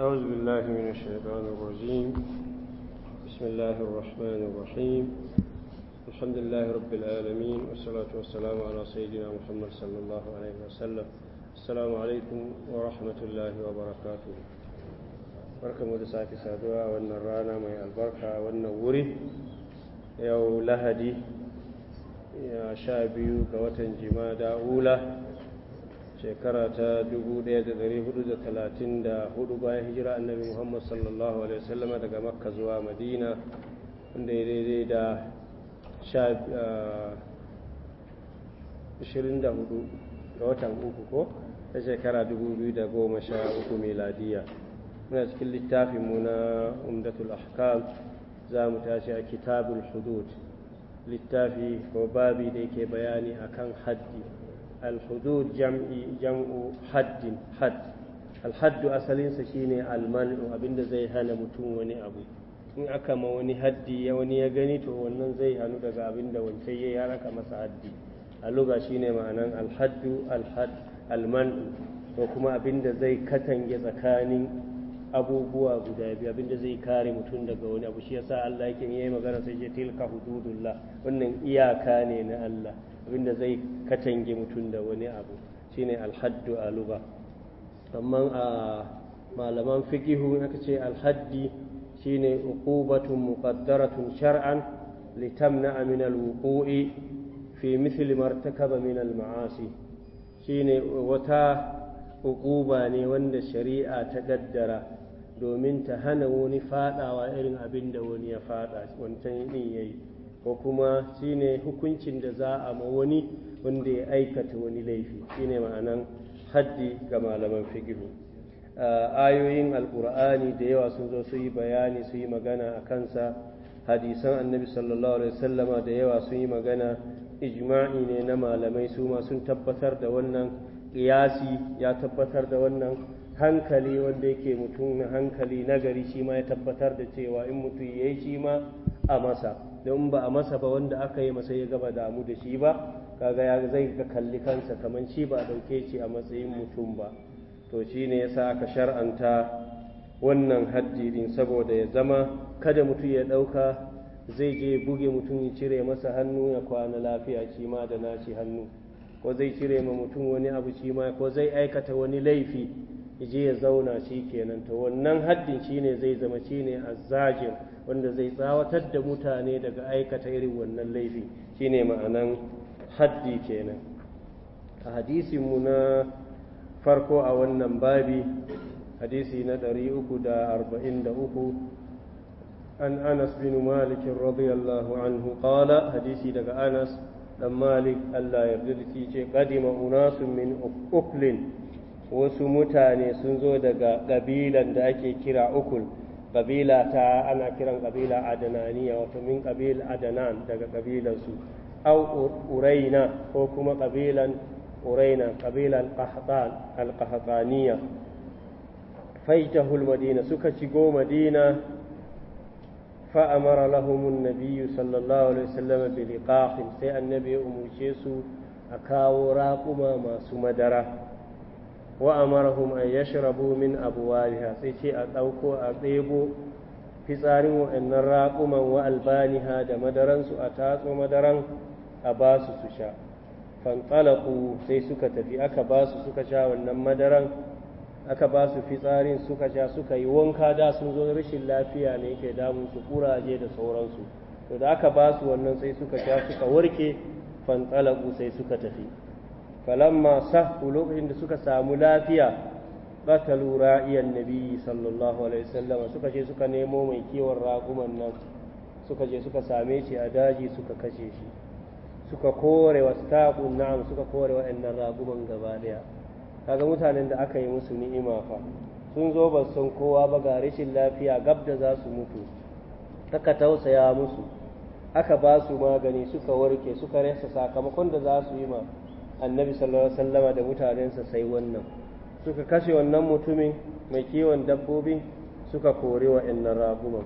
أعوذ بالله من الشيطان الرجيم بسم الله الرحمن الرحيم الحمد لله رب العالمين والصلاة والسلام على سيدنا محمد صلى الله عليه وسلم السلام عليكم ورحمة الله وبركاته barkanmu da sake saduwa wannan rana mai albarka wannan wuri yau lahadi sha biyu ga watan jima da'ula shekara ta 1434 bayan hijira annabi muhammad sallallahu alaihi wasallama daga makka zuwa madina wanda ya daidai da 24 ah, ga watan uku ko ta shekara 2013 miladiya muna cikin littafinmu na umdatul ahkam za mu tashi a kitabul hudud littafi ko babi da yake bayani akan haddi الحدود جمع جمع حد حد الحد أصلين سشيني المنع أبن زي هانا متون وني أبو in aka ma wani haddi ya wani ya gani to wannan zai hannu daga abin da wancan ya raka masa haddi a luga shi ne ma'anan alhaddu al almanu ko kuma abin da zai katange tsakanin abubuwa guda biyu abin da zai kare mutum daga wani abu shi yasa Allah yake yi magana sai ce tilka hududullah wannan iyaka ne na Allah abinda zai katange mutum da wani abu shine alhaddu a luga amma a malaman fikihu aka ce alhaddi shine uqubatun muqaddaratun shar'an litamna'a min alwuqu'i fi mithli martakaba min alma'asi shine wata uquba ne wanda shari'a ta gaddara domin ta hana wani fadawa irin abin da wani ya fada wancan yin yayi ko kuma shine hukuncin da za a ma wani wanda ya aikata wani laifi shine ma'anan haddi ga malaman fikihu ayoyin alkur'ani da yawa sun zo su yi bayani su yi magana a kansa hadisan annabi sallallahu alaihi wasallama da yawa sun yi magana ijma'i ne na malamai su ma sun tabbatar da wannan iyasi ya tabbatar da wannan hankali wanda yake mutum hankali nagari shi ma ya tabbatar da cewa in mutum ya yi shi ma a masa don ba a masa ba wanda aka yi masa ya gaba damu da shi ba kaga ya zai ga kalli kansa kamar shi ba a dauke shi a matsayin mutum ba to shine yasa aka shar'anta wannan haddi din saboda ya zama kada mutum ya dauka zai je buge mutum ya cire masa hannu ya kwana lafiya shi ma da nashi hannu ko zai cire ma mutum wani abu shi ma ko zai aikata wani laifi je ya zauna shi kenan to wannan haddin shi ne zai zama shi ne azzajir wanda zai tsawatar da mutane daga aikata irin wannan laifi shi ne ma'anan haddi kenan a hadisinmu na farko a wannan babi hadisi na 343 an anas bin malik radiyallahu anhu qala hadisi daga anas dan malik Allah ya yarda da ce qadima unasun min uqlin wasu mutane sun zo daga ƙabilan da ake kira ukul ƙabila ta ana kiran ƙabila adananiya wato min ƙabil adanan daga ƙabilansu au uraina ko kuma ƙabilan uraina ƙabilan alƙahatsaniya faitahul madina suka shigo madina فأمر لهم النبي صلى الله عليه وسلم a سي su a kawo raƙuma masu madara. wa amarahum an yashrabu min abwaliha sai ce a dauko a tsebo fitsarin wa'annan raƙuman wa albaniha da madaransu a tatso madaran a basu su su sha fantalaku sai suka tafi aka basu suka sha wannan madaran aka ba su fitsarin suka sha suka yi wanka da sun zo rashin lafiya ne yake damun su kuraje da sauransu to da aka ba su wannan sai suka sha suka warke fantalaku sai suka tafi falamma sahu lokacin da suka samu lafiya qatalu ra'iyan nabi sallallahu alaihi wasallam suka je suka nemo mai kiwon raguman nan suka je suka same shi a daji suka kashe shi suka kore wa staqun na'am suka kore wa'annan raguman gaba daya kaga mutanen da aka yi musu ni'ima fa sun zo ba san kowa ba ga rashin lafiya gab da za su mutu aka tausaya musu aka ba su magani suka warke suka rasa sakamakon da za su yi ma annabi sallallahu alaihi wasallama da mutanensa sai wannan suka kashe wannan mutumin mai kiwon dabbobi suka kori wa'annan raguman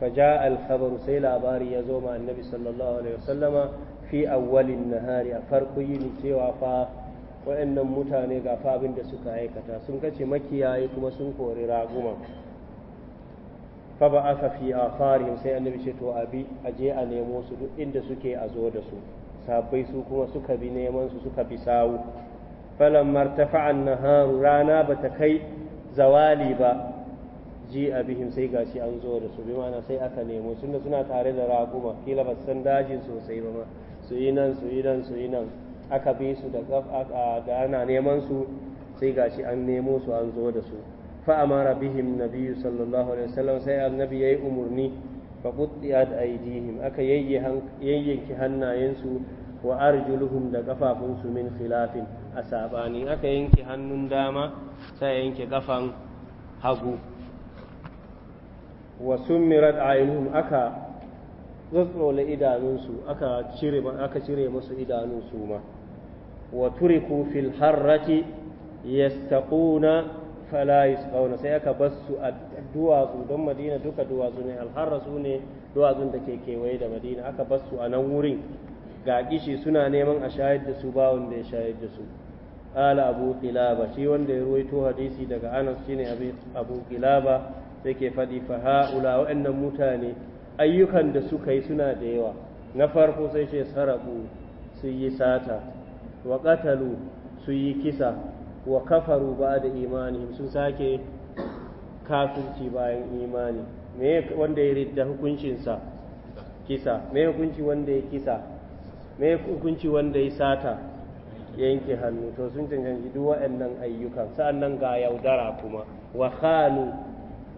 faja alhabaru sai labari ya zo ma annabi sallallahu alaihi wasallama fi awwalin nahari a farko yini cewa fa wa'annan mutane ga fa abin da suka aikata sun kace makiyayi kuma sun kori raguman fa ba'atha fi afarihim sai annabi ce to abi aje a nemo su duk inda suke a zo da su sahabbai su kuma suka bi neman su suka bi sawu falamma tafa'a naharu rana ba ta kai zawali ba ji a bihim sai gashi an zo da su bi mana sai aka nemo tunda suna tare da raguma. kila ba san dajin sosai ba ma su yi nan su yi nan su yi nan aka bi su da da ana neman su sai gashi an nemo su an zo da su fa amara bihim nabiyyu sallallahu alaihi wasallam sai annabi yayi umurni faquttiyat aidihim aka yayyanki hannayensu wa arjuluhum da ƙafafunsu min khilafin a sabani aka yanke hannun dama sai yanke ƙafan hagu wa summirat ainihin aka tsotsola idanunsu aka cire aka cire musu idanun su ma wa turiku fil harrati yastaquna fala yusqauna sai aka bar su a duwatsu don madina duka duwatsu ne alharra su ne duwatsun da ke kewaye da madina aka bar su a nan wurin ga kishi suna neman a shayar da su ba wanda ya shayar da su ala abu qilaba shi wanda ya ruwaito hadisi daga anas shine abu qilaba sai ke faɗi fa haula wa'annan mutane ayyukan da suka yi suna da yawa na farko sai ce sarabu su yi sata wa qatalu su yi kisa wa kafaru ba da imani sun sake kafirci bayan imani me wanda ya ridda hukuncinsa kisa me hukunci wanda ya kisa me hukunci wanda ya sata yanke hannu to sun cancanci duk waɗannan ayyukan sa'annan ga yaudara kuma wa khanu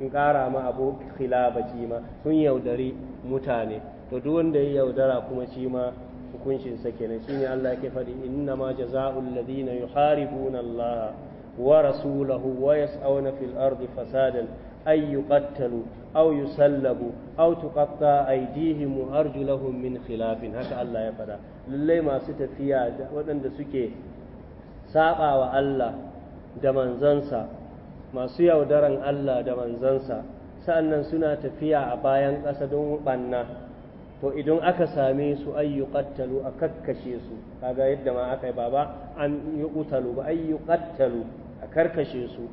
in ƙara ma abu khilafa ma sun yaudari mutane to duk wanda ya yaudara kuma shi ma hukuncinsa kenan shine Allah yake faɗi inna ma jazaa'ul ladina yuharibuna Allah wa rasulahu wa yas'awna fil ardi fasadan ay yuqattalu aw yusallabu aw tuqatta aydihim wa arjuluhum min khilafin haka Allah ya faɗa lalle masu tafiya waɗanda suke saba wa Allah da manzansa masu yaudaran Allah da manzansa sa'annan suna tafiya a bayan ƙasa don ɓanna Ko idan aka same su ay qattalu a kakkashe su kaga yadda ma aka yi baba an yuqtalu ba ay qattalu a karkashe su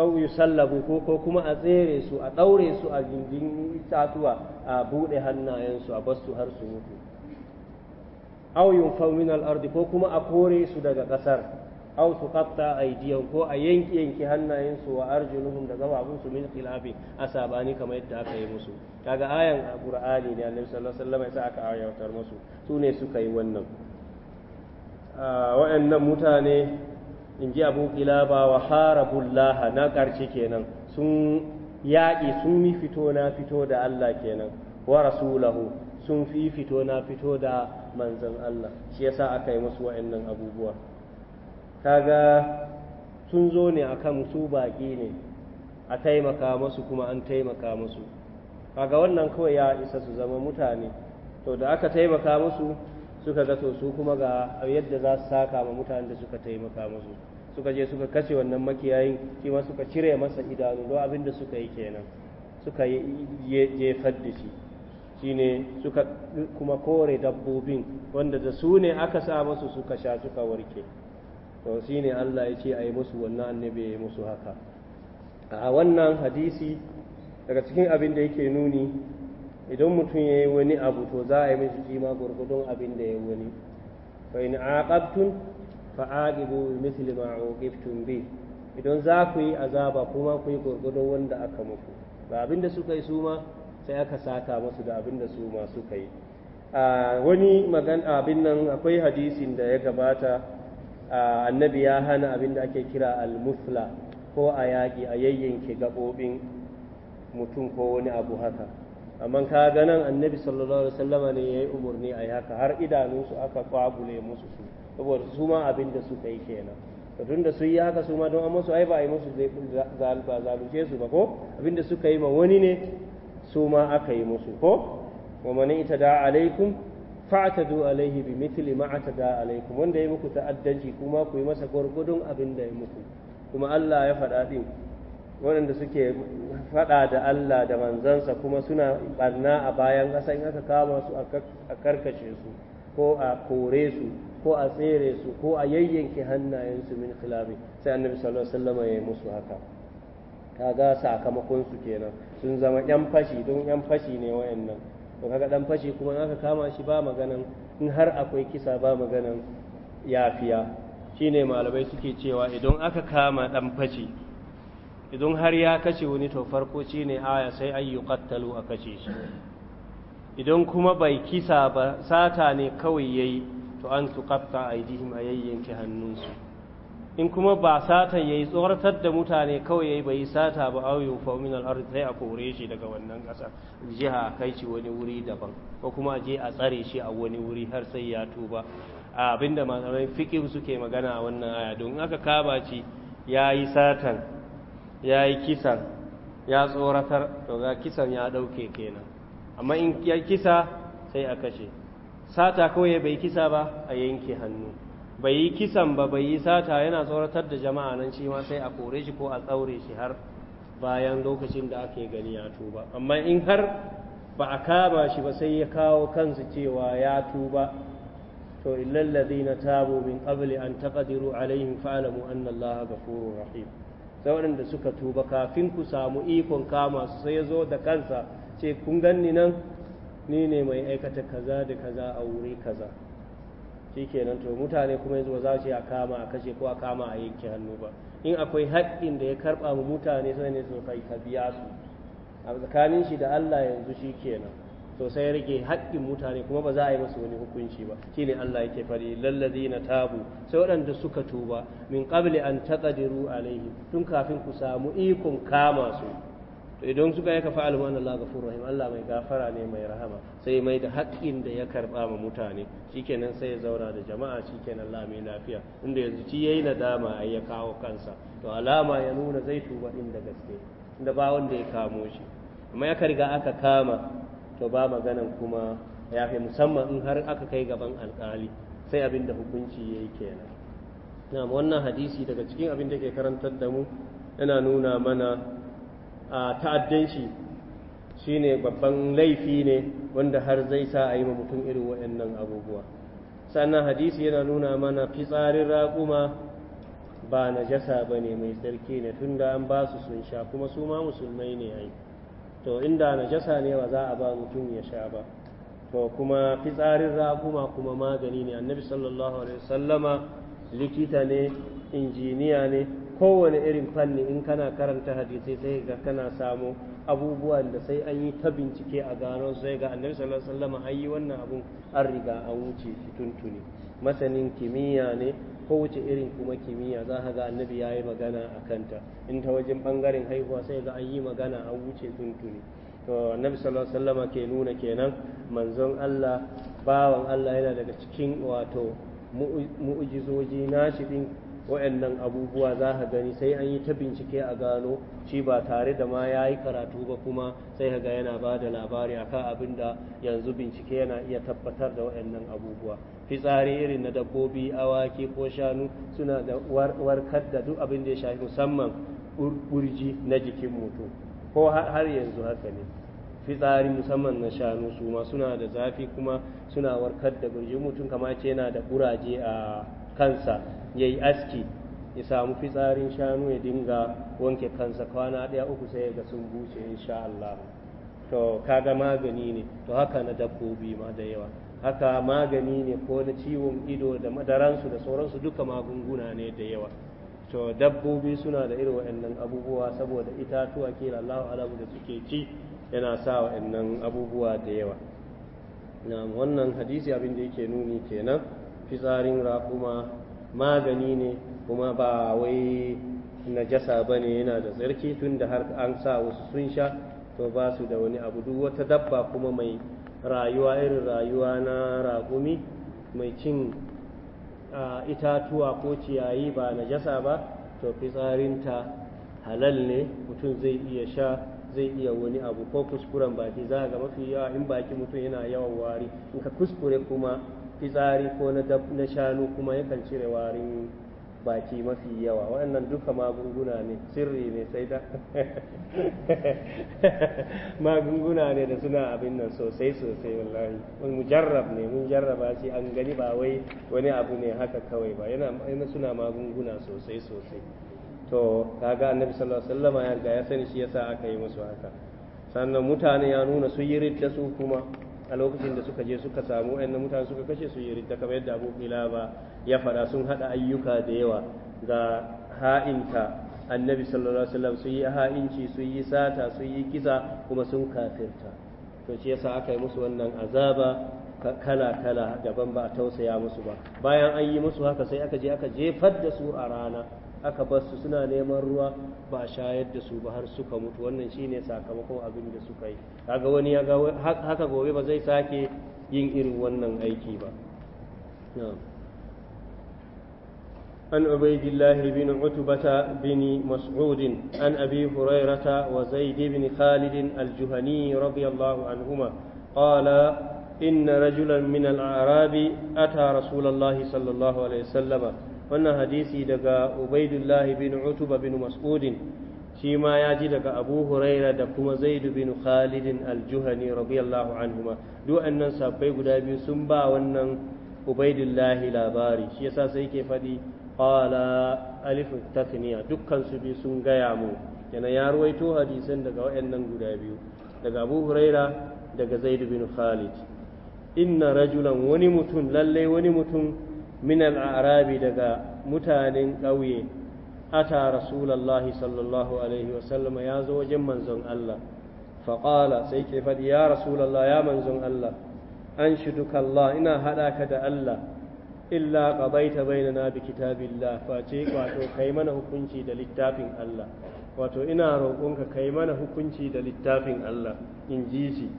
aw yusallabu ko ko kuma a tsere su a daure su a gindin itatuwa a bude hannayensu a basu har su mutu aw yunfaw min al-ardi ko kuma a kore su daga kasar aw qatta aydiyan ko a yanki yanki hannayensu wa arjuluhum da gababansu min khilafin a sabani kamar yadda aka yi musu kaga ayan a qur'ani ne annabi sallallahu alaihi wasallam ya aka musu su ne suka yi wannan wa'annan mutane in ji abu kilaba wa harabullah na karce kenan sun yaƙi sun mi fito na fito da Allah kenan wa rasulahu sun fi fito na fito da manzon Allah shi yasa aka yi musu wa'annan abubuwa kaga sun zo ne a kan su baƙi ne a taimaka masu kuma an taimaka masu kaga wannan kawai ya isa su zama mutane to da aka taimaka musu suka ga su kuma ga yadda za su saka ma mutanen da suka taimaka musu suka je suka kashe wannan makiyayin shi suka cire masa idanu don abin da suka yi kenan suka jefar da shi shine suka kuma kore dabbobin wanda da su ne aka sa masu suka sha suka warke to ne Allah ya ce a yi musu wannan annabi ya yi musu haka a wannan hadisi daga cikin abin da yake nuni idan mutum ya yi wani abu to za a yi mishi jima gurgudun abin da ya yi wani fa in aqabtum fa aqibu misli ma uqibtum bi idan za ku yi azaba kuma ku yi gurgudun wanda aka muku ba abin da suka yi su ma sai aka saka musu da abin da su ma suka yi wani magan abin nan akwai hadisin da ya gabata annabi ya hana abin da ake kira al-musla ko a yaƙi a yayyanke gaɓoɓin mutum ko wani abu haka amma ka ga nan annabi sallallahu alaihi wasallama ne ya yi umarni a haka har idanunsu aka kwabule musu su saboda su ma abin da suka yi kenan to tunda su yi haka su ma don amma su ai ba a yi musu zalba zalunce su ba ko abin da suka yi ma wani ne su ma aka yi musu ko wa man ita da alaikum fa'tadu alaihi bi mithli ma atada alaikum wanda ya muku ta'addanci kuma ku yi masa gurgudun abin da ya muku kuma Allah ya faɗa din waɗanda suke faɗa da Allah da manzansa kuma suna ɓarna a bayan ƙasa in aka kama su a karkace su ko a kore su ko a tsere su ko a yayyanke hannayensu min khilabi sai annabi sallallahu alaihi wasallam ya yi musu haka kaga sakamakon su kenan sun zama yan fashi don yan fashi ne wayannan to kaga dan fashi kuma in aka kama shi ba maganan in har akwai kisa ba maganan yafiya shine malamai suke cewa idan aka kama dan fashi idan har ya kashe wani to farko shine aya sai an yuqattalu a kashe shi idan kuma bai kisa ba sata ne kawai yayi to an tuqatta aidihim ayyanki hannunsu in kuma ba satan yi tsoratar da mutane kawai ya yi bai sata ba au yu fa a kore shi daga wannan kasar jiha a kai shi wani wuri daban ko kuma je a tsare shi a wani wuri har sai ya tuba abinda malamai fikin suke magana a wannan aya don aka kaba ci yi satan ya yi kisan ya tsoratar to ga kisan ya dauke kenan amma in ya kisa sai a kashe sata kawai bai kisa ba a yanke hannu bai yi kisan ba bai yi sata yana tsoratar da jama'a nan shi ma sai a kore shi ko a tsaure shi har bayan lokacin da ake gani ya tuba amma in har ba a kama shi ba sai ya kawo kansu cewa ya tuba to illal na tabu min qabli an taqdiru alaihim fa'lamu anna Allah ghafurur rahim sai waɗanda suka tuba kafin ku samu ikon kama su sai ya zo da kansa ce kun ganni nan ni ne mai aikata kaza da kaza a wuri kaza shikenan to mutane kuma yanzu ba za su ce a kama a kashe ko a kama a yanke hannu ba in akwai haƙƙin da ya karɓa mu mutane sai ne su kai ka biya su a tsakanin shi da Allah yanzu shikenan to sai rage haƙƙin mutane kuma ba za a yi masa wani hukunci ba shine Allah yake fari na tabu sai waɗanda suka tuba min qabli an taqdiru alaihi tun kafin ku samu ikon kama su to idan suka yaka fa'al man Allah ghafurur rahim Allah mai gafara ne mai rahama sai mai da haƙƙin da ya karba ma mutane shikenan sai ya zauna da jama'a shikenan Allah mai lafiya inda yanzu ci yayi nadama ai ya kawo kansa to alama ya nuna zai tuba din da gaske inda ba wanda ya kamo shi amma ya riga aka kama to ba maganan kuma ya fi musamman in har aka kai gaban alƙali sai abin da hukunci yayi kenan na wannan hadisi daga cikin abin da ke karantar da mu yana nuna mana ta'addanci shi ne babban laifi ne wanda har zai sa a yi ma mutum irin waɗannan abubuwa sannan hadisi yana nuna mana fitsarin raƙuma ba na jasa ba ne mai tsarki ne tun da an ba su sun sha kuma su ma musulmai ne ai to inda na jasa ne ba za a ba mutum ya sha ba to kuma fitsarin raƙuma kuma magani ne annabi sallallahu alaihi wasallama likita ne injiniya ne kowane irin fanni in kana karanta hadisai sai ga kana samu abubuwan da sai an yi ta bincike a gano sai ga annabi sallallahu alaihi wasallam an yi wannan abun an riga an wuce shi tuntuni masanin kimiyya ne ko wuce irin kuma kimiyya za ka ga annabi ya yi magana a kanta in ta wajen bangaren haihuwa sai ga an yi magana an wuce tuntuni to annabi sallallahu alaihi wasallam ke nuna kenan manzon Allah bawan Allah yana daga cikin wato mu'ujizoji nashi din wa'annan abubuwa za ka gani sai an yi ta bincike a gano shi ba tare da ma ya yi karatu ba kuma sai ka ga yana ba da labari a kan abin da yanzu bincike yana iya tabbatar da wa'annan abubuwa fitsari irin na dabbobi awaki ko shanu suna da warkar da duk abin da ya shafi musamman urji na jikin mutum ko har yanzu haka ne fitsari musamman na shanu su ma suna da zafi kuma suna warkar da burjin mutum kamar ce yana da kuraje a kansa ya yi aski ya samu fitsarin shanu ya dinga wanke kansa kwana ɗaya uku sai ga sun buce insha Allah to kaga magani ne to haka na dabbobi ma da yawa haka magani ne ko na ciwon ido da madaransu da sauransu duka magunguna ne da yawa to dabbobi suna da irin wa'annan abubuwa saboda itatuwa ke Allahu alamu da suke ci yana sa wa'annan abubuwa da yawa wannan hadisi abin da yake nuni kenan fitsarin raƙuma magani ne kuma ba wai najasa ba ne yana da tsarki tun da har an sa wasu sun sha to ba su da wani abu duk wata dabba kuma mai rayuwa irin rayuwa na raƙumi mai cin itatuwa ko ciyayi ba najasa ba to fitsarinta halal ne mutum zai iya sha zai iya wani abu ko kuskuren baki za ga mafi yawa in baki mutum yana yawan wari in ka kuskure kuma fitsari ko na shanu kuma yakan cire warin baki mafi yawa waɗannan duka magunguna ne sirri ne sai da magunguna ne da suna abin nan sosai sosai wallahi mun jarrab ne mun jarraba shi an gani ba wai wani abu ne haka kawai ba yana suna magunguna sosai sosai to kaga annabi sallallahu alaihi wasallam ya riga ya sani shi yasa aka yi musu haka sannan mutane ya nuna su yi da su kuma a lokacin da suka je suka samu wayannan mutane suka kashe su yi ridda kamar yadda Abu ba ya fada sun hada ayyuka da yawa ga ha'inta annabi sallallahu alaihi wasallam sun yi ha'inci sun yi sata sun yi kisa kuma sun kafirta to shi yasa aka yi musu wannan azaba kala kala daban ba a tausaya musu ba bayan an yi musu haka sai aka je aka jefar da su a rana aka bar suna neman ruwa ba a shayar da su ba har suka mutu wannan shine sakamakon abin da suka yi kaga wani ya haka gobe ba zai sake yin irin wannan aiki ba an ubaidillah bin utbata bin mas'udin an abi hurairata wa zaid bin khalid al-juhani radiyallahu anhuma qala إن رجلا من الأعراب أتى رسول الله صلى الله عليه وسلم wannan hadisi daga ubaidullah bin utuba bin Mas'ud shi ma ya ji daga abu huraira da kuma Zaid bin khalidin aljuhani radiyallahu anhuma duk annan sabbai guda biyu sun ba wannan ubaidullah labari shi yasa sai ke faɗi qala alif tasniya dukkan su biyu sun gaya mu yana ya ruwaito hadisan daga waɗannan guda biyu daga abu huraira daga Zaid bin khalid inna rajulan wani mutum lallai wani mutum min Arabi daga mutanen ƙauye ata rasulallahi sallallahu alaihi wasallama ya zo wajen manzon Allah faƙala sai ke faɗi ya rasulallah ya manzon Allah an Allah ina haɗa ka da Allah illa ƙabaita na bi kitabillah face wato kai mana hukunci da littafin Allah wato ina roƙonka kai mana hukunci da littafin Allah in ji shi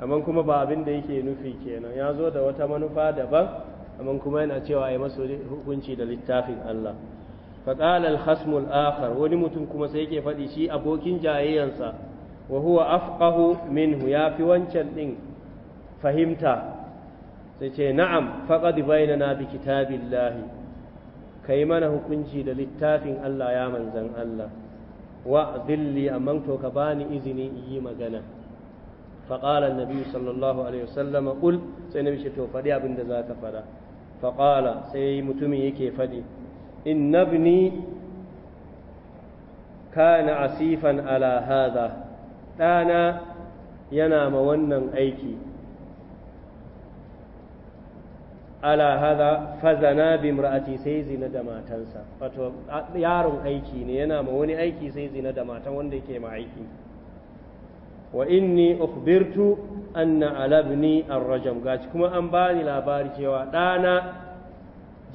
amma kuma ba abin da yake nufi kenan ya zo da wata manufa daban amma kuma yana cewa ya masu hukunci da littafin Allah faƙal alhasmul akhar wani mutum kuma sai yake faɗi shi abokin jayayyansa wa huwa afqahu minhu ya fi wancan ɗin fahimta sai ce na'am faqad bainana bi kitabillahi kai mana hukunci da littafin Allah ya manzan Allah wa zilli amma to ka bani izini yi magana فقال النبي صلى الله عليه وسلم قل سينبي شتو فدي ابن ذاك فدا faƙala sai mutumin yake faɗi in nabni kana asifan ala hadha ɗana yana ma wannan aiki ala hada fazana bi imra'ati sai zina da matansa wato yaron aiki ne yana ma wani aiki sai zina da matan wanda yake ma aiki wa inni ukhbirtu anna alabni arrajam gaci kuma an bani labari cewa ɗana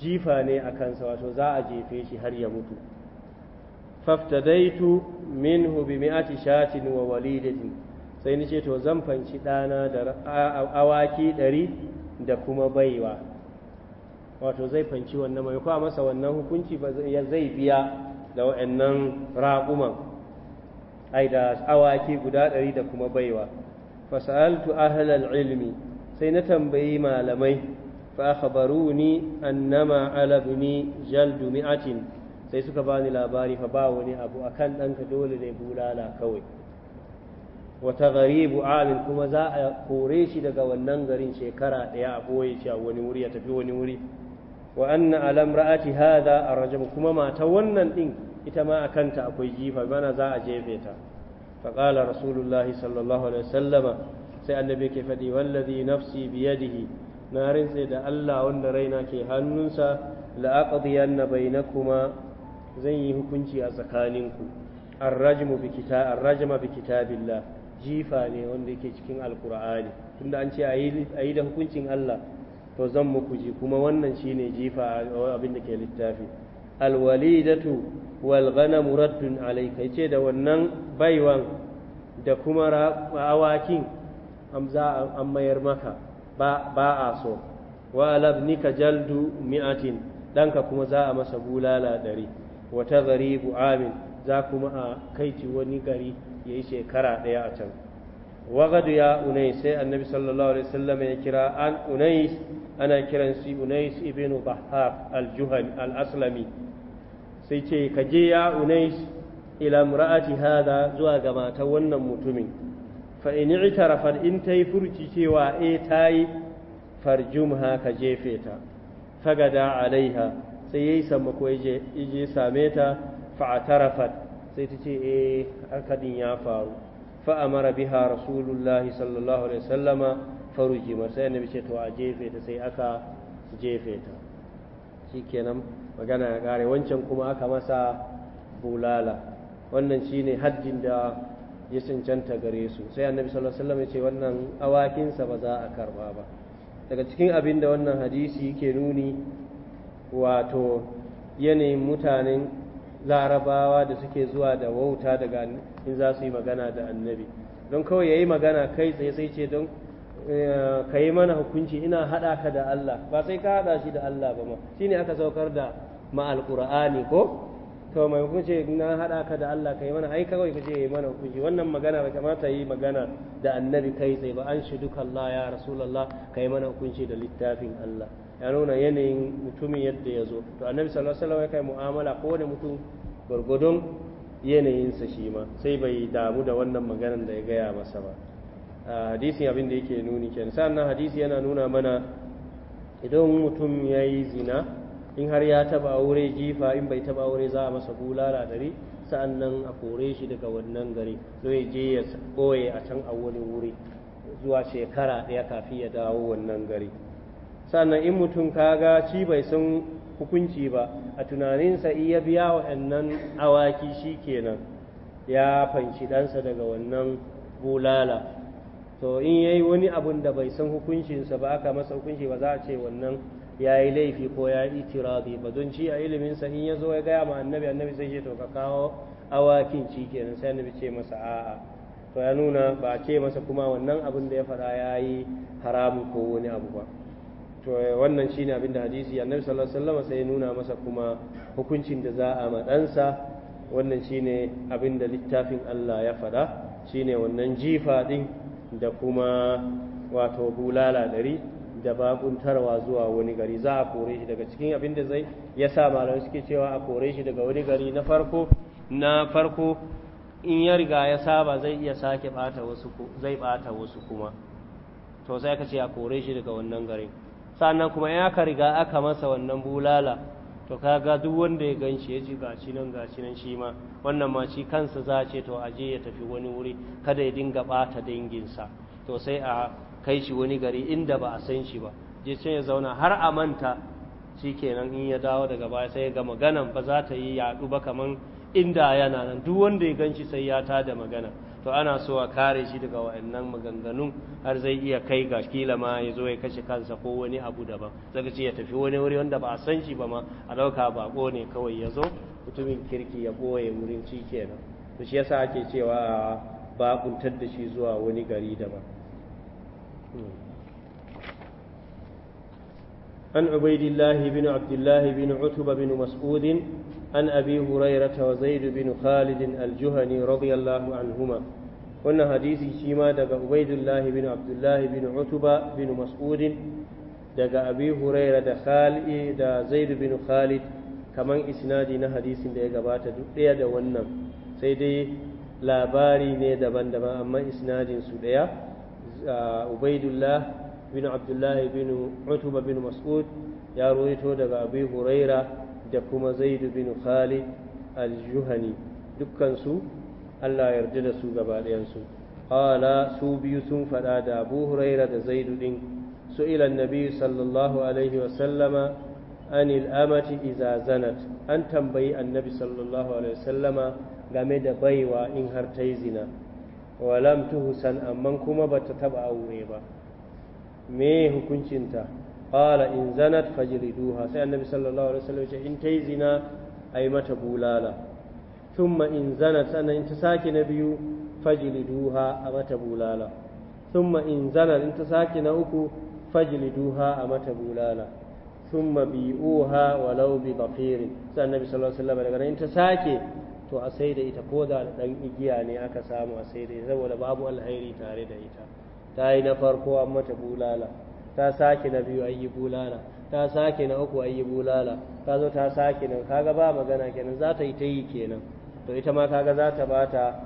jifa ne a kansa wato za a jefe shi har ya mutu faftadaitu minhu bi mi'ati shatin wa walidatin sai ni ce to zan fanci ɗana da awaki ɗari da kuma baiwa wato zai fanci wannan mai a masa wannan hukunci ba zai biya da wa'annan raƙuman ai da awaki guda ɗari da kuma baiwa fasaltu ahlal ilmi sai na tambayi malamai fa akhbaruni annama ala ibni jaldu mi'atin sai suka bani labari fa ba wani abu akan ɗanka dole ne bulala kawai wata garibu alin kuma za a kore shi daga wannan garin shekara ɗaya a boye shi a wani wuri a tafi wani wuri wa anna alam ra'ati hadha arrajam kuma mata wannan din ita ma akanta akwai jifa mana za a jefe ta فقال رسول الله صلى الله عليه وسلم sai annabi ke faɗi wallazi nafsi biyadihi na rintse da Allah wanda raina ke hannunsa la'aqdiyanna bainakuma zan yi hukunci a tsakaninku arrajmu bi kita arrajma jifa ne wanda yake cikin alqur'ani tunda an ce ayi da hukuncin Allah to zan mu ku ji kuma wannan shine jifa abin da ke littafi alwalidatu wal ghanam raddun alayka yace da wannan baiwan da kuma awakin am za an mayar maka ba ba a so wa labnika jaldu mi'atin danka kuma za a masa bulala dari wa tadribu amin za kuma a kaici wani gari yayi shekara daya a can وغد يا أنيس النبي صلى الله عليه وسلم ana kiran أنيس unais كرنسي أنيس al ضحاك Al-Aslami. sai ce ka je ya unais ila mura'ati hada zuwa ga matar wannan mutumin fa in i'tarafa in tayi furci cewa eh tayi farjumha ka jefe ta fagada alaiha sai yi sama ko yaje same ta fa atarafat sai ta ce e eh, akadin ya faru fa amara biha rasulullahi sallallahu alaihi wasallama farujima sai annabi ce to a jefe ta sai aka jefe ta shikenan magana ya kare wancan kuma aka masa bulala wannan shine haddin da ya cancanta gare su sai annabi sallallahu alaihi wasallam ya ce wannan awakinsa ba za a karba ba daga cikin abin da wannan hadisi yake nuni wato yanayin mutanen larabawa da suke zuwa da wauta daga in za su yi magana da annabi don kawai ya yi magana kai tsaye sai ce don Eh, ka yi mana hukunci ina haɗa ka da Allah ba sai ka haɗa shi da Allah ba ma shi ne aka saukar da ma alqur'ani ko to mai hukunci na haɗa ka da Allah ka yi mana ai kawai ya yi mana hukunci wannan magana bai kamata yi magana da annabi kai tsaye ba an shi duka Allah ya rasulullah ka yi mana hukunci da littafin Allah ya nuna yanayin mutumin yadda ya zo to annabi sallallahu alaihi wasallam ya kai mu'amala ko wani mutum gwargwadon yanayinsa shi sai bai damu da wannan maganar da ya gaya masa ba hadisin abin da yake nuni kenan sannan hadisi yana nuna mana idan mutum ya yi zina in har ya taba aure jifa in bai taba aure za a masa bulala sa'an sa'annan a kore shi daga wannan gari don ya je ya koye a can a wani wuri zuwa shekara ɗaya kafin ya dawo wannan gari sannan in mutum kaga ci bai san hukunci ba a tunaninsa iya biya wa'annan awaki shi kenan ya fanci ɗansa daga wannan bulala to in yayi wani abun da bai san hukuncinsa ba aka masa hukunci ba za a ce wannan ya yi laifi ko ya yi itirazi ba don ci a sa in ya zo ya gaya ma annabi annabi sai ce to ka kawo awakin ci kenan sai annabi ce masa a'a to ya nuna ba a ce masa kuma wannan abun da ya faɗa ya yi haramu ko wani abu ba to wannan shine abin da hadisi annabi sallallahu alaihi wasallam sai ya nuna masa kuma hukuncin da za a madansa wannan shine abin da littafin Allah ya faɗa shine wannan jifa din da kuma wato bulala ɗari da bakuntarwa zuwa wani gari za a kore shi daga cikin abin da zai ya sa malamai suke cewa a kore shi daga wani gari na farko na farko in ya riga ya saba zai iya sake bata wasu zai bata wasu kuma to sai ka ce a kore shi daga wannan garin sannan kuma ya ka riga aka masa wannan bulala to ga duk wanda ya gan shi ya ji gashi nan gashi nan shi ma wannan ma shi kansa za a ce to je ya tafi wani wuri kada ya dinga bata danginsa to sai a kai shi wani gari inda ba a san shi ba je can ya zauna har a manta shi kenan in ya dawo daga baya sai ga maganan ba za ta yi yaɗu ba kaman inda yana nan duk wanda ya gan shi sai ya tada magana to ana so a kare shi daga wa'annan maganganun har zai iya kai ga kila ma ya zo ya kashe kansa ko wani abu daban zaka ce ya tafi wani wuri wanda ba a san shi ba ma a dauka bako ne kawai ya zo mutumin kirki ya boye wurin ci kenan to shi yasa ake cewa ba kuntar da shi zuwa wani gari daban hmm. An عبيد bin بن bin الله bin mas'udin an abi hurairata wa zaid bin khalid al-juhani radiyallahu anhuma wannan hadisi shi ma daga ubaidullahi bin abdullahi bin utuba bin mas'ud daga abi huraira da khali da zaid bin khalid kaman isnadi na hadisin da ya gabata duk ɗaya da wannan sai dai labari ne daban-daban amma isnadin su ɗaya ubaidullah bin abdullahi bin utuba bin mas'ud ya rawaito daga abi huraira da kuma zaidu bin khalid al-juhani dukkansu Allah yarda da su gaba ɗayansu qala su biyu sun faɗa da abu huraira da zaidu din su ila annabi sallallahu alaihi wa sallama anil amati iza zanat an tambayi annabi sallallahu alaihi wa sallama game da baiwa in har ta yi zina walam tuhusan amma kuma bata taba aure ba me hukuncinta qala in zanat fajriduha sai annabi sallallahu alaihi wasallam ce in tayi zina ai mata bulala thumma in zanat sannan in ta sake na biyu fajliduha a mata bulala thumma in zanat in ta sake na uku fajliduha a mata bulala thumma bi'uha walau bi bafirin sai annabi sallallahu alaihi wasallam daga in ta sake to a sai da ita ko da dan igiya ne aka samu a sai da saboda babu alheri tare da ita ta yi na farko a mata bulala ta sake na biyu ayi bulala ta sake na uku ayi bulala ta zo ta sake nan kaga ba magana kenan za ta yi ta yi kenan to ita ma kaga za ta bata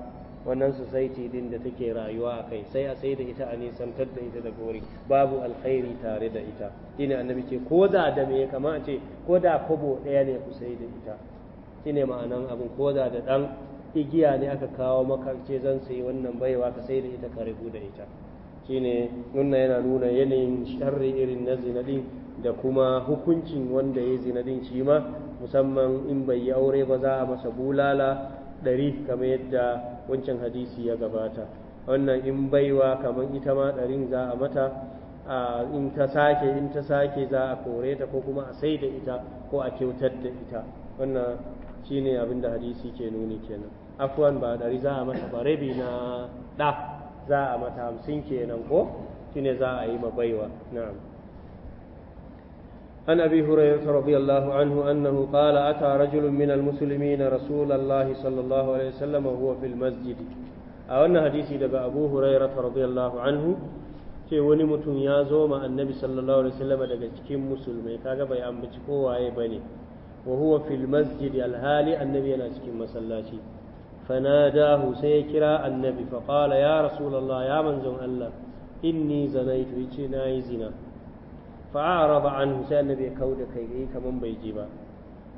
wannan society din da take rayuwa a kai sai a sai da ita a nisantar da ita da gori babu alkhairi tare da ita shine annabi ce ko da da me kama ce ko da kobo ɗaya ne ku sai da ita shine ma'anan abin ko da da ɗan igiya ne aka kawo maka ce zan sayi wannan baiwa ka sai da ita ka rabu da ita shine nuna yana nuna yanayin sharri irin na zinadin da kuma hukuncin wanda ya zinadin shi ma musamman in bai yi aure ba za a masa bulala ɗari kamar yadda wancan hadisi ya gabata wannan in baiwa kamar ita ma ɗarin za a mata in ta sake in ta sake za a kore ta ko kuma a sai da ita ko a kyautar da ita wannan shine abin da hadisi ke nuni kenan afwan ba ɗari za a mata ba rabi na ɗa za a mata hamsin kenan ko shine za a yi mabaiwa na'am عن ابي هريره رضي الله عنه انه قال اتى رجل من المسلمين رسول الله صلى الله عليه وسلم وهو في المسجد a wannan hadisi daga abu huraira radiyallahu anhu ce wani mutum ya zoma annabi sallallahu alaihi wasallam daga cikin musulmai kaga bai ambaci kowaye bane wa huwa fil masjid alhali annabi yana cikin masallaci فناداه سيكرا النبي فقال يا رسول الله يا من زون الله إني زنيت ويتشناي زنا فأعرض عنه سأل النبي كودك إيه كمن بيجيبا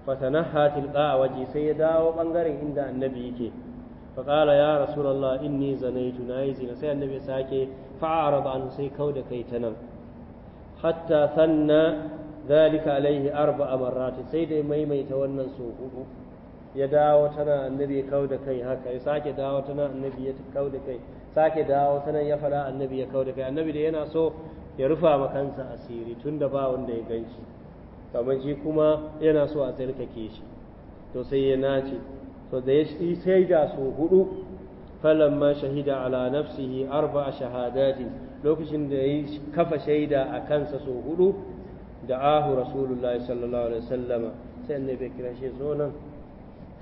فتنهى تلقاء وجي سيدا وبنغري عند النبي كي فقال يا رسول الله إني زنيت ناي زنا سأل النبي ساكي فأعرض عنه سي كودك تنم حتى ثنى ذلك عليه أربع مرات سيدا ميميت ونن سوقه ya dawo tana annabi ya kau da kai haka ya sake dawo tana annabi ya kau da kai sake dawo tana ya fara annabi ya kau da kai annabi da yana so ya rufa ma kansa asiri tun da ba wanda ya gan shi kamar shi kuma yana so a tsarkake shi to sai ya nace to da ya sai da so hudu falamma shahida ala nafsihi arba shahadati lokacin da ya kafa shaida a kansa so hudu da ahu rasulullahi sallallahu alaihi wasallama sai annabi ya kira shi zo nan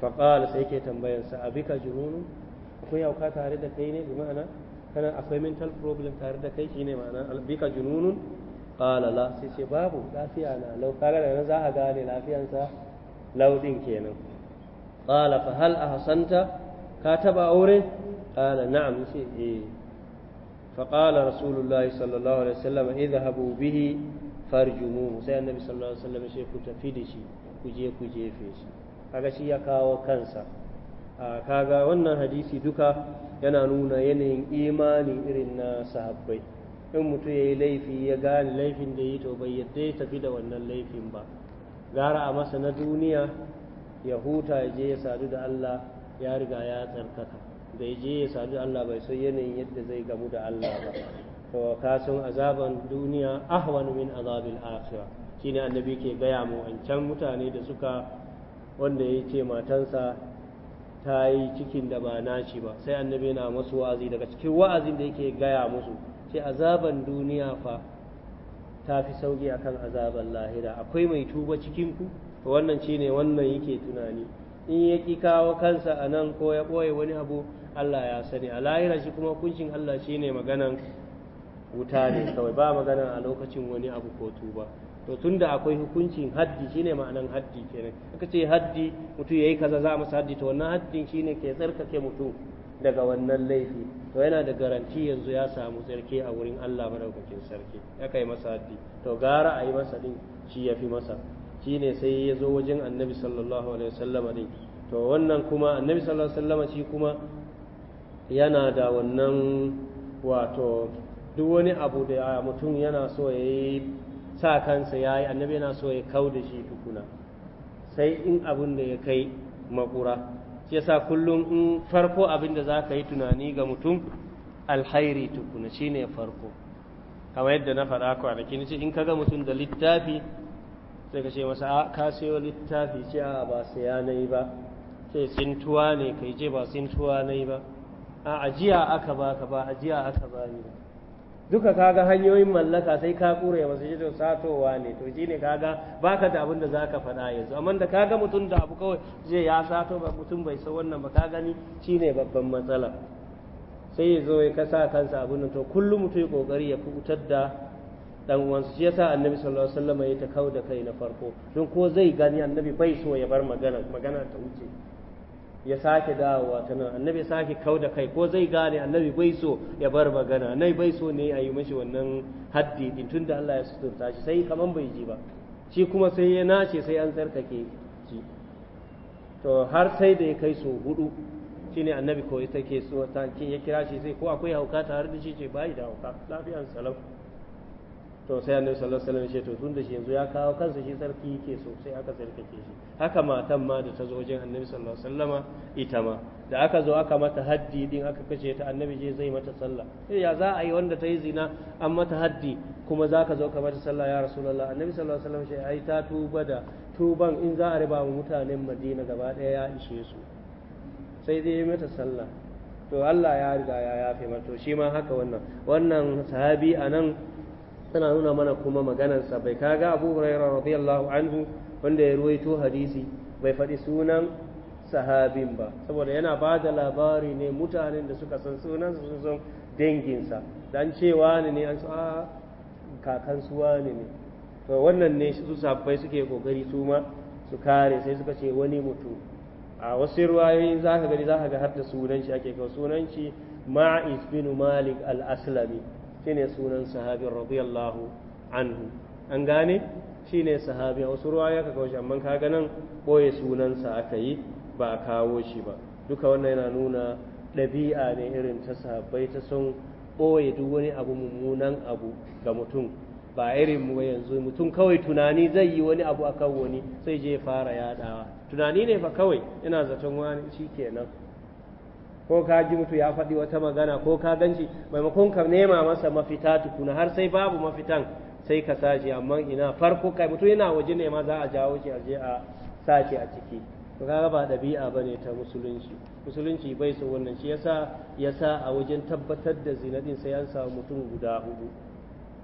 faƙala sai ke tambayansa abika jununu akwai hauka tare da kai ne bi ma'ana akwai mental problem tare da kai ma'ana albika jununun qala la babu lafiya na lau kaga da za gane lafiyansa laudin kenan qala fa hal ahsanta ka taba aure qala na'am sai eh fa qala rasulullahi sallallahu alaihi wasallam idhabu bihi farjumuhu sai annabi sallallahu alaihi ku tafi da shi kuje ku jefe kaga shi ya kawo kansa kaga wannan hadisi duka yana nuna yanayin imani irin na sahabbai in mutum ya yi laifi ya gane laifin da yi to bai yadda ya tafi da wannan laifin ba gara a masa na duniya ya huta ya je ya sadu da Allah ya riga ya tsarkaka da je ya sadu da Allah bai san yanayin yadda zai gamu da Allah ba to ka azaban duniya ahwanu min azabil akhirah shine annabi ke gaya mu an can mutane da suka wanda ya ce matansa ta yi cikin da ba naci ba sai annabi yana masu wa'azi daga cikin wa'azin da yake gaya musu ce azaban duniya fa ta fi sauki kan azaban lahira akwai mai tuba cikinku? wannan wannan ne wannan yake tunani in ya ƙi kawo kansa a nan ko ya ɓoye wani abu Allah ya sani a lahira shi kuma kuncin Allah shi ne maganan wuta ne kawai ba maganan a lokacin wani abu ko tuba to tunda akwai hukuncin haddi shine ma'anan haddi kenan aka ce haddi mutum yayi kaza za a masa haddi to wannan haddin shine ke tsarkake mutum daga wannan laifi to yana da garanti yanzu ya samu tsarki a wurin Allah madaukakin sarki ya kai masa haddi to gara a yi masa din shi ya fi masa shine sai ya zo wajen annabi sallallahu alaihi wasallam din to wannan kuma annabi sallallahu alaihi wasallam shi kuma yana da wannan wato duk wani abu da mutum yana so ya yi sa kansa ya yi annabi yana so ya kau da shi tukuna sai in abin da ya kai makura shi yasa kullum in farko abin da za ka yi tunani ga mutum alhairi tukuna shi ne farko kamar yadda na faɗa da ni ce in kaga mutum da littafi sai ka ce masa a ka sayo littafi ce a ba saya na yi ba sai tsintuwa ne ka yi ce ba tsintuwa na yi ba a ajiya aka ba ka ba ajiya aka ba ni ba duka kaga hanyoyin mallaka sai ka kure masu shi satowa ne to shi ne kaga baka da abin da za ka faɗa yanzu amma da kaga mutum da abu kawai zai ya sato ba mutum bai san wannan ba ka gani shi ne babban matsala sai ya zo ya kasa kansa abin to kullum mutum ya kokari ya fitar da dan uwansu shi yasa annabi sallallahu alaihi wasallam ya ta kau da kai na farko don ko zai gani annabi bai so ya bar magana magana ta wuce ya sake dawowa ta nan annabi sake kau da kai ko zai gane annabi bai so ya bar magana annabi bai so ne a yi mashi wannan haddi din tunda Allah ya suturta shi sai kaman bai ji ba shi kuma sai ya nace sai an tsarkake shi to har sai da ya kai so hudu shine annabi ko ita ke so ta ya kira shi sai ko akwai hauka tare da shi ce bai da hauka lafiyan salam to sai annabi sallallahu alaihi wasallam ce to tunda shi yanzu ya kawo kansa shi sarki yake so sai aka sarkake shi haka matan ma da ta zo wajen annabi sallallahu alaihi wasallama ita ma da aka zo aka mata haddi din aka kace ta annabi je zai mata sallah sai eh, ya za a yi wanda ta yi zina an mata haddi kuma za ka zo ka mata sallah ya rasulullah annabi sallallahu alaihi wasallam ce ai ta tuba da tuban in za a riba mutanen madina gaba daya ya ishe su sai dai mata sallah to Allah ya riga ya yafe mata to shi ma haka wannan wannan sahabi anan suna nuna mana kuma maganarsa bai kaga abu huraira radiyallahu anhu wanda ya ruwaito hadisi bai faɗi sunan sahabin ba saboda yana ba da labari ne mutanen da suka san sunansa sun san danginsa dan cewa ne ne an a ah, kakan suwa ne ne to wannan ne su sabbai suke kokari su ma su kare sai suka ce wani mutum a wasu ruwayoyin za ka za ka ga har da sunan shi ake kawo sunan shi ma'is bin malik al-aslami shine sunan sahabin radiyallahu anhu an gane shine sahabi a wasu ruwa ya ka kawo shi amma ka nan boye sunansa aka yi ba a kawo shi ba duka wannan yana nuna ɗabi'a ne irin ta sahabbai ta son ɓoye duk wani abu mummunan abu ga mutum ba irin mu yanzu mutum kawai tunani zai yi wani abu akan wani sai je fara yadawa tunani ne fa kawai ina zaton wani kenan. ko ka ji mutu ya faɗi wata magana ko ka ganci maimakon ka nema masa mafita tukuna har sai babu mafitan sai ka sace amma ina farko kai mutu yana waje ne ma za a jawo shi a je a sace a ciki to kaga ba dabi'a bane ta musulunci musulunci bai so wannan shi yasa yasa a wajen tabbatar da zinadin sai an samu mutum guda hudu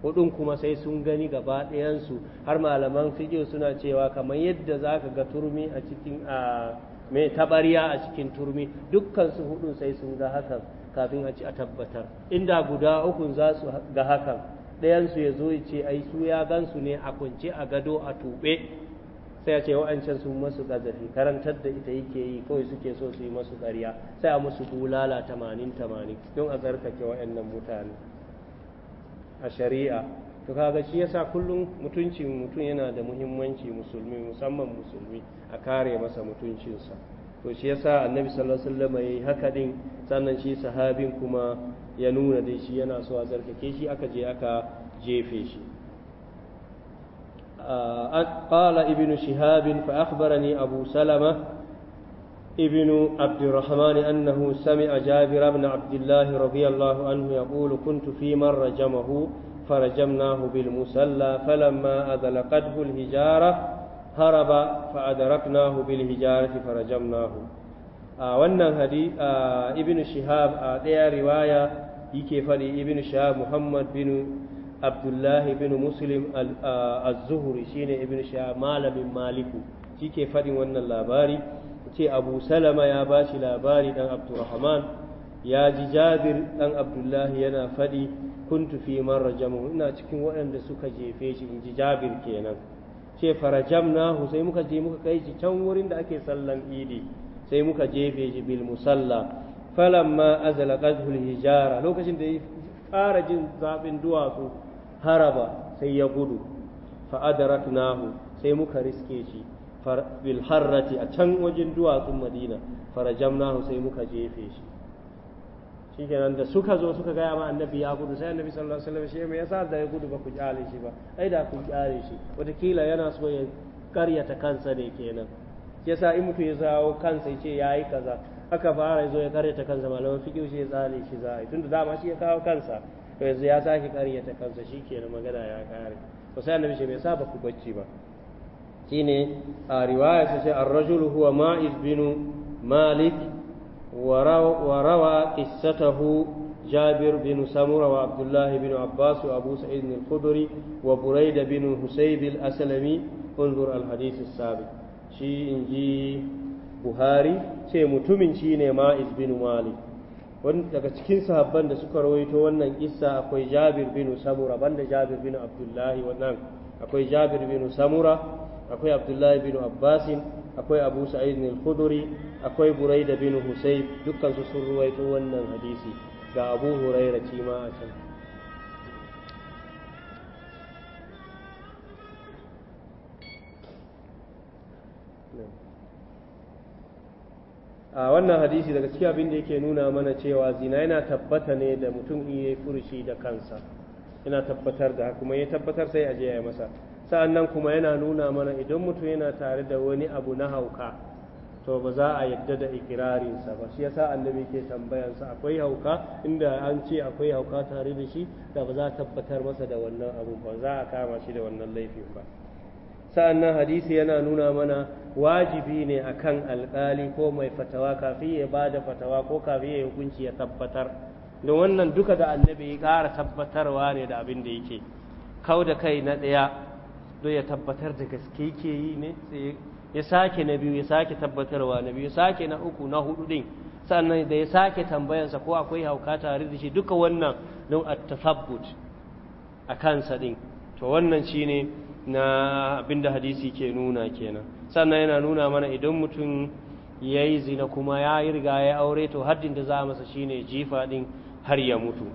hudun kuma sai sun gani gaba ɗayansu har malaman fiƙi suna cewa kamar yadda zaka ga turmi a cikin a mai tabariya a cikin turmi dukkan su hudun sai sun ga hakan kafin a ci a tabbatar inda guda uku za su ga hakan ɗayansu ya zo ya ce ai su ya gan su ne a kunce a gado a tuɓe sai a ce wa'ancan sun masu ƙazafi karantar da ita yake yi kawai suke so su yi masu ƙarya sai a musu bulala tamanin tamanin don a tsarkake wa'annan mutane a shari'a to kaga shi yasa kullum mutuncin mutum yana da muhimmanci musulmi musamman musulmi a kare masa mutuncinsa to shi yasa annabi sallallahu alaihi wasallam yayi haka din sannan shi sahabin kuma ya nuna dai shi yana so a tsarkake shi aka je aka jefe shi قال ابن شهاب فأخبرني أبو سلمة ابن عبد الرحمن أنه سمع جابر بن عبد الله رضي الله عنه يقول كنت في من رجمه فرجمناه بالمسلى فلما أذلقته الهجارة haraba fa adraknahu bil farajam nahu a wannan hadi ibn shihab a daya riwaya yake fadi ibn shihab muhammad bin abdullahi bin muslim az-zuhri shine ibn shihab malamin maliku yake fadin wannan labari ce abu salama ya bashi labari dan abdurrahman ya ji jabir dan abdullahi yana fadi kuntu fi marrajamu ina cikin waɗanda suka jefe shi in ji jabir kenan ce farajamnahu sai muka je muka kai shi can wurin da ake sallan idi sai muka jefe shi bil musalla falamma azala qadhul hijara lokacin da ya fara jin zafin duwatsu haraba sai ya gudu fa adraknahu sai muka riske shi bil harrati a can wajen duwatsun madina farajamnahu sai muka jefe shi shikenan da suka zo suka gaya ma annabi ya gudu sai annabi sallallahu alaihi wasallam shi me yasa da ya gudu ba ku kyale shi ba ai da ku kyale shi wataƙila yana so ya karyata kansa ne kenan yasa in mutum ya zawo kansa ya ce yayi kaza aka fara zo ya karyata kansa malaman fiqh shi ya tsale shi za a yi tunda dama shi ya kawo kansa to yanzu ya sake karyata kansa shikenan magana ya kare to sai annabi shi me yasa ba ku bacci ba shine a riwaya sai ar-rajulu huwa ma'iz bin malik وروى قصته جابر بن سمرة وعبد الله بن عباس وأبو سعيد الخدري وبريد بن حسيب الأسلمي انظر الحديث السابق شي إنجي بخاري شي متمن شي نمائز بن مالك daga cikin sahabban da suka rawaito wannan kissa akwai Jabir bin Samura banda Jabir bin Abdullahi wannan akwai Jabir bin Samura akwai Abdullahi bin Abbasin akwai abu sa'id ne khuduri akwai buraida bin husayb dukkan su sun ruwaito wannan hadisi ga abu huraira ci ma a can a wannan hadisi daga cikin abin da yake nuna mana cewa zina yana tabbata ne da mutum iya furushi da kansa yana tabbatar da kuma ya tabbatar sai a je ya yi masa sa'annan kuma yana nuna mana idan mutum yana tare da wani abu na hauka to ba za a yadda da ikirarinsa ba shi ya yasa annabi ke tambayansa akwai hauka inda an ce akwai hauka tare da shi da ba za a tabbatar masa da wannan abu ba za a kama shi da wannan laifin ba sa'annan hadisi yana nuna mana wajibi ne akan alkali ko mai fatawa kafin ya ba da fatawa ko kafin ya hukunci ya tabbatar da wannan duka da annabi ya kara tabbatarwa ne da abin da yake kau da kai na ɗaya don ya tabbatar da gaske yake yi ne ya sake na biyu ya sake tabbatarwa na biyu ya sake na uku na hudu din sannan da ya sake tambayansa ko akwai hauka tare da shi duka wannan don a tafabbut a kansa din to wannan shine na abinda hadisi ke nuna kenan sannan yana nuna mana idan mutum ya yi zina kuma ya yi riga ya aure to haddin da za a masa shine jifa din har ya mutu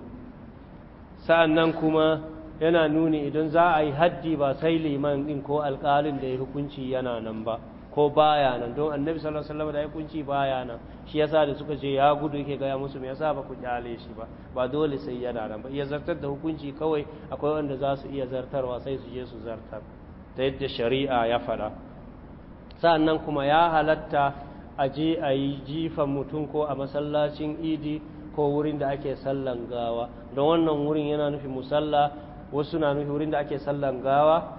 sa'annan kuma yana nuni idan za a yi haddi ba sai liman din ko alƙalin da ya hukunci yana nan ba ko baya nan don annabi sallallahu alaihi wasallam da hukunci baya nan shi yasa da suka je ya gudu yake gaya musu me yasa ba ku kyale shi ba ba dole sai yana nan ba iya zartar da hukunci kawai akwai wanda za su iya zartarwa sai su je su zartar ta yadda shari'a ya faɗa sannan kuma ya halatta a je a yi jifan mutum ko a masallacin idi ko wurin da ake sallan gawa don wannan wurin yana nufin musalla wasu na nufi wurin da ake sallan gawa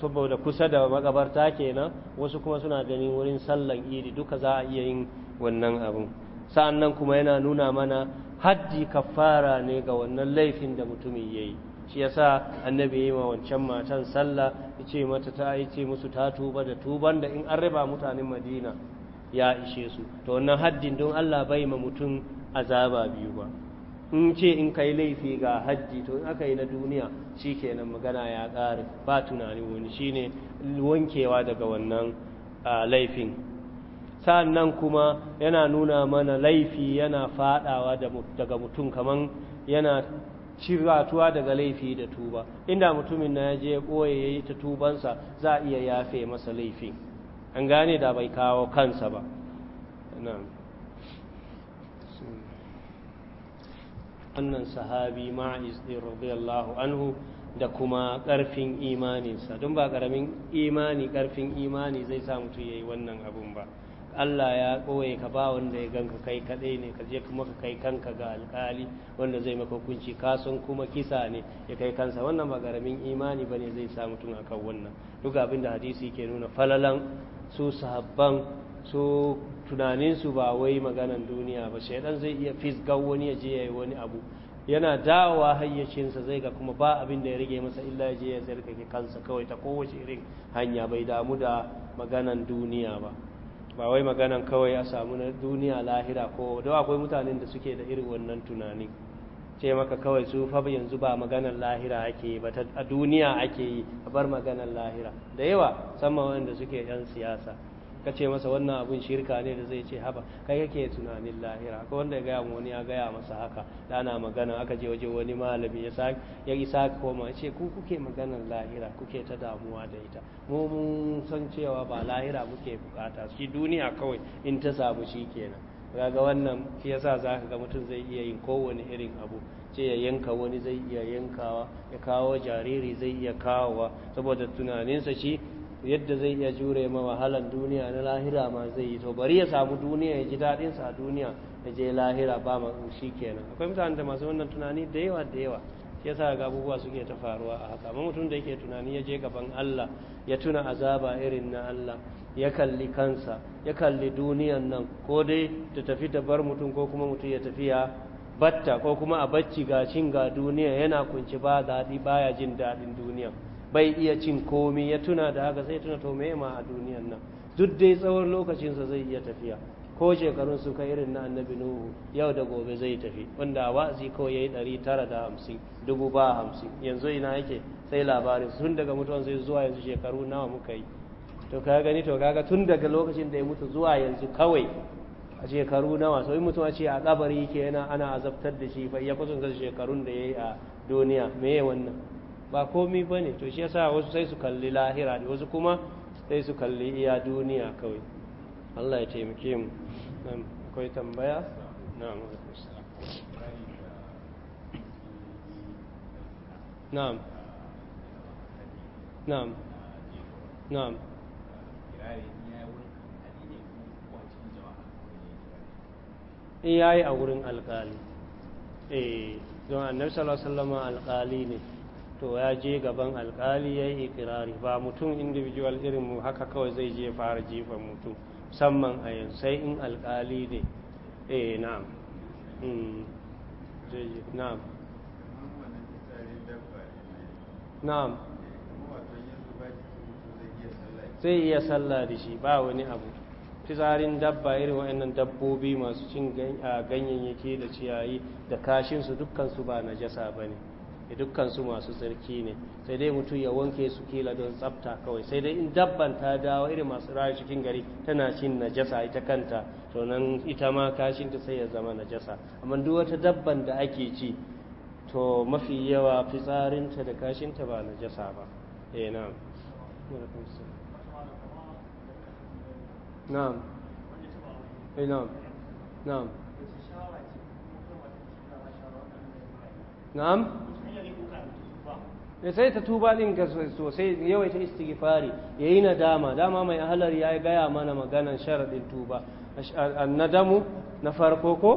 saboda kusa da makabarta kenan wasu kuma suna ganin wurin sallan idi duka za a iya yin wannan abin sa'annan kuma yana nuna mana haddi kafara ne ga wannan laifin da mutumin yayi shi yasa annabi yayi ma wancan matan sallah yace mata ta yace musu ta tuba da tuban da in an raba mutanen Madina ya ishe su to wannan haddin don Allah bai ma mutum azaba biyu ba in ce in kai laifi ga hajji to in aka yi na duniya shi kenan magana ya ƙare ba tunani wani shine wankewa daga wannan laifin sannan kuma yana nuna mana laifi yana fadawa daga mutum kamar yana ciratuwa daga laifi da tuba inda mutumin na ya je ɓoye ya yi ta tubansa za a iya yafe masa laifi an gane da bai kawo kansa ba wannan sahabi ma'iz din radiyallahu anhu da kuma ƙarfin imaninsa don ba ƙaramin imani ƙarfin imani zai sa mutum ya yi wannan abun ba Allah ya ɓoye ka ba wanda ya ganka kai kaɗai ne ka je kuma ka kai kanka ga alƙali wanda zai maka hukunci kasan kuma kisa ne ya kai kansa wannan ba ƙaramin imani ba ne zai sa mutum akan wannan duk abin da hadisi ke nuna falalan su sahabban su tunaninsu ba wai maganan duniya ba shaidan zai iya fisgar wani ya je wani abu yana dawowa hayyacinsa zai ga kuma ba abin da ya rage masa illa ya je ya ke kansa kawai ta kowace irin hanya bai damu da maganan duniya ba ba wai maganan kawai a samu na duniya lahira ko da akwai mutanen da suke da irin wannan tunani ce maka kawai su fa yanzu ba maganan lahira ake yi ba a duniya ake yi a bar maganan lahira da yawa sama wanda suke yan siyasa ka ce masa wannan abin shirka ne da zai ce haba kai kake tunanin lahira ko wanda ya gaya mu wani ya gaya masa haka da ana magana aka je waje wani malami ya sa ya isa koma ce ku kuke maganar lahira kuke ta damuwa da ita mu mun san cewa ba lahira muke bukata shi duniya kawai in ta samu shi kenan kaga wannan shi yasa zaka ga mutum zai iya yin kowane irin abu ce ya yanka wani zai iya yankawa ya kawo jariri zai iya kawowa saboda tunaninsa shi yadda zai iya jure ma wahalan duniya na lahira ma zai yi to bari ya samu duniya ya ji daɗin sa duniya ya je lahira ba ma shi kenan akwai mutanen da masu wannan tunani da yawa da yawa shi yasa ga abubuwa suke ta faruwa a haka amma mutum da yake tunani ya je gaban Allah ya tuna azaba irin na Allah ya kalli kansa ya kalli duniyan nan ko dai ta tafi ta bar mutum ko kuma mutum ya tafi ya batta ko kuma a bacci ga cin ga duniya yana kunci ba daɗi baya jin daɗin duniya bai iya cin komi ya tuna da haka sai tuna to me ma a duniyan nan duk dai tsawon lokacinsa zai iya tafiya ko shekarun su kai irin na annabi nuhu yau da gobe zai tafi wanda a watsi ko ya yi ɗari tara da hamsin dubu ba hamsin yanzu ina yake sai labarin sun daga mutuwan sai zuwa yanzu shekaru nawa muka yi to ka gani to kaga tun daga lokacin da ya mutu zuwa yanzu kawai a shekaru nawa sai mutum a ce a kabari kenan ana azabtar da shi fa ya kusan shekarun da ya yi a duniya me wannan ba komi ba ne to shi yasa wasu sai su kalli lahira ne wasu kuma sai su kalli iya duniya kawai Allah ya taimake mu akwai tambaya na na'am na'am na'am eh, in a wurin alƙali eh don annabi sallallahu alaihi wasallam alƙali ne to ya je gaban alkali ya yi ikirari ba mutum individual irin mu haka kawai zai je fara jefa mutum musamman a yanzu sai in alkali ne eh na'am hmm. na'am zai iya sallah da shi ba wani abu fizarin dabba irin wa'annan dabbobi masu cin ganyayyaki da ciyayi da kashinsu dukkansu ba na jasa ba ne da eh, dukkansu masu tsarki ne sai dai mutum ya wanke su kila don tsafta kawai sai dai in dabban ta dawo irin masu rayu cikin gari tana cin najasa ita kanta to nan ita ma kashin ta sai ya zama najasa amma duk wata dabban da ake ci to mafi yawa fitsarinta da kashin ba najasa ba eh na'am na'am eh na'am na'am sai ta tuba din ga sosai Yawai yawaita istighfari yayi nadama dama mai ahalar ya gaya mana maganan sharadin tuba annadamu na farko ko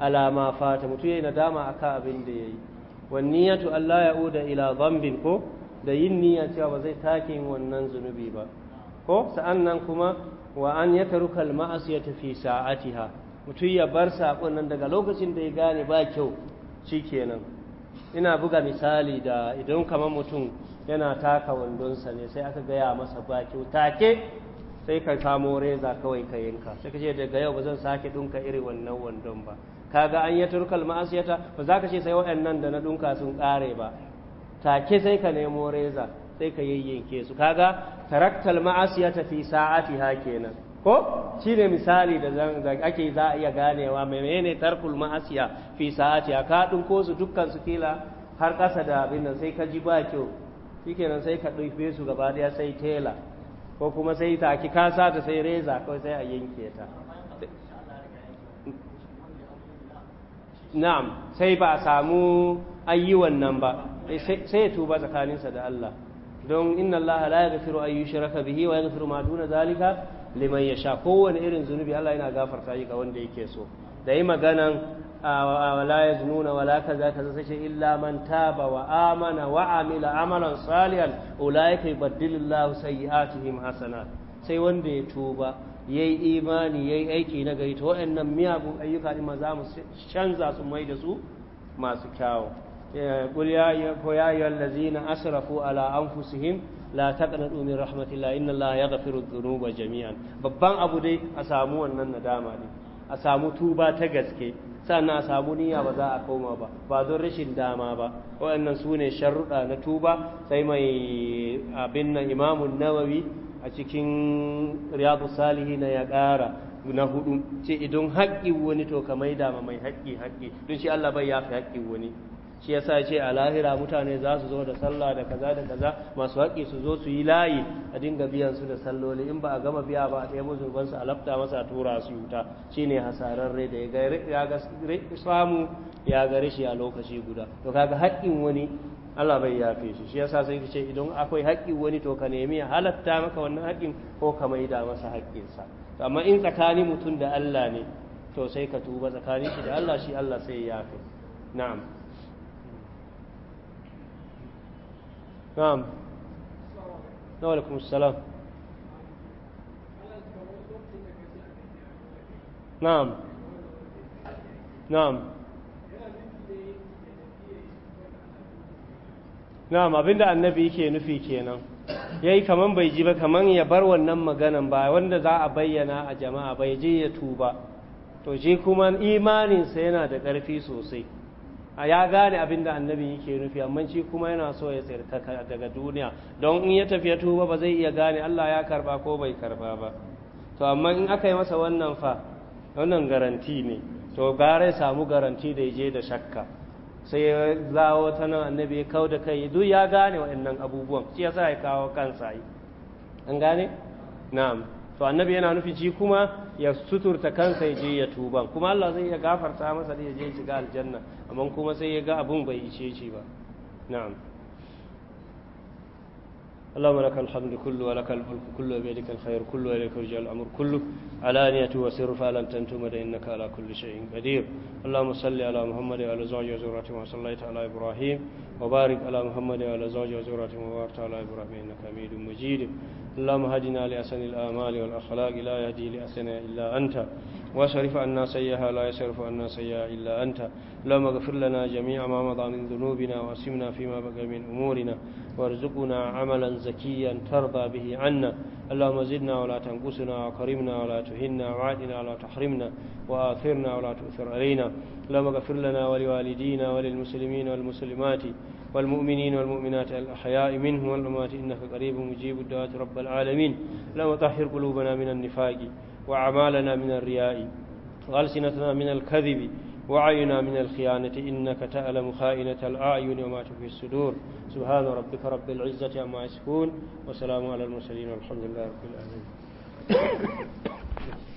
alama fata mutu yayi nadama akan abin da yayi wan niyatu Allah ya'uda ila dhanbin ko da yin niyya cewa ba zai take yin wannan zunubi ba ko sa'annan kuma wa an yatarukal ma'asiyata fi sa'atiha mutu ya bar sakon nan daga lokacin da ya gane ba kyau shikenan ina buga misali da idan kamar mutum yana taka wandonsa ne sai aka gaya masa baki take sai ka samo reza kawai ka yanka sai ka ce daga yau ba zan sake dunka iri wannan wandon ba kaga an yi turkal ma'asiyata ba za ka ce sai waɗannan da na dunka sun ƙare ba take sai ka nemo reza sai ka yayyanke su kaga taraktal ma'asiyata fi sa'atiha kenan ko shi ne misali da ake za a iya ganewa mai ne tarkul ma'asiya fi sa'ati a kaɗin ko su dukkan su kila har ƙasa da abin nan sai ka ji ba kyau shikenan sai ka ɗauke su gaba ɗaya sai tela ko kuma sai ta ki kasa ta sai reza ko sai a yanke ta na'am sai ba a samu ayi wannan ba eh, sai ya tuba tsakaninsa da Allah don inna Allah la yaghfiru an bihi wa yaghfiru ma duna zalika liman sha kowane irin zunubi Allah yana gafarta shi ga wanda yake so da yi maganan wala nuna wala kaza kaza sace illa man taba wa amana wa amila amalan salihan ulaika yubaddilullahu sayyi'atihim hasanat sai wanda ya tuba yayi imani yayi aiki na gari to waɗannan miyagun ayyuka din ma za mu canza su mai da su masu kyawu eh, qul ya ayyuhallazina asrafu ala anfusihim la taqnatu min rahmatillah inna allaha yaghfiru dhunuba jami'an babban abu dai a samu wannan nadama ne a samu tuba ta gaske sannan a samu niyya ba za a koma ba ba don rashin dama ba waɗannan su ne sharuɗa na tuba sai mai abin nan imamun nawawi a cikin riyadu salihi na ya ƙara na hudu ce idan haƙƙi wani to ka maida ma mai haƙƙi haƙƙi don shi Allah bai yafi haƙƙi wani shi yasa ce a lahira mutane za su zo da sallah da kaza da kaza masu haƙi su zo su yi layi a dinga biyan su da salloli in ba a gama biya ba a tsaye muzurban su a lafta masa a tura su wuta shine hasararre da ya ga samu ya ga rashi a lokaci guda to kaga haƙƙin wani Allah bai yafe shi shi yasa sai ce idan akwai haƙƙin wani to ka nemi a halatta maka wannan haƙƙin ko ka maida masa haƙƙinsa amma in tsakanin mutum da Allah ne to sai ka tuba tsakanin shi da Allah shi Allah sai ya yafe na'am نعم وعليكم السلام نعم نعم na'am abinda annabi yake nufi kenan yayi kaman bai ji ba kaman ya bar wannan maganan ba wanda za a bayyana a jama'a bai je ya tuba to je kuma imaninsa yana da ƙarfi sosai a ya gane abin da annabi yake nufi amma shi kuma yana so ya tsayar daga duniya don in ya tafiya tuba ba zai iya gane Allah ya karba ko bai karba ba to amma in aka yi masa wannan fa wannan garanti ne to gare samu garanti da ya je da shakka sai ya zawo ta nan annabi ya kau da kai duk ya gane waɗannan abubuwan shi yasa ya kawo kansa yi an gane na'am to annabi yana nufi shi kuma ya suturta kansa ya je ya tuba kuma Allah zai iya gafarta masa da ya je shiga aljanna amma kuma sai ya ga abun bai ishe shi ba na'am اللهم لك الحمد كله ولك الملك كله وبيدك الخير كله وإليك رجع الأمر كله على أنية وسر فألم تنتم إنك على كل شيء قدير اللهم صل على محمد وعلى زوج وزوراته وصليت على إبراهيم وبارك على محمد وعلى زوج وزوراته وبارك على إبراهيم إنك حميد مجيد اللهم هدنا لأسن الآمال والأخلاق لا يهدي لأسنا إلا أنت واصرف عنا سيئها لا يصرف عنا سيئها إلا أنت اللهم اغفر لنا جميع ما مضى من ذنوبنا واسمنا فيما بقى من أمورنا وارزقنا عملا زكيا ترضى به عنا اللهم زدنا ولا تنقصنا وكرمنا ولا تهنا وعادنا ولا تحرمنا وآثرنا ولا تؤثر علينا اللهم اغفر لنا ولوالدينا وللمسلمين والمسلمات والمؤمنين والمؤمنات الأحياء منهم والأموات إنك قريب مجيب الدعاء رب العالمين اللهم طهر قلوبنا من النفاق وأعمالنا من الرياء وألسنتنا من الكذب وعينا من الخيانة إنك تألم خائنة الأعين وما تخفي الصدور سبحان ربك رب العزة عما يصفون وسلام على المرسلين والحمد لله رب العالمين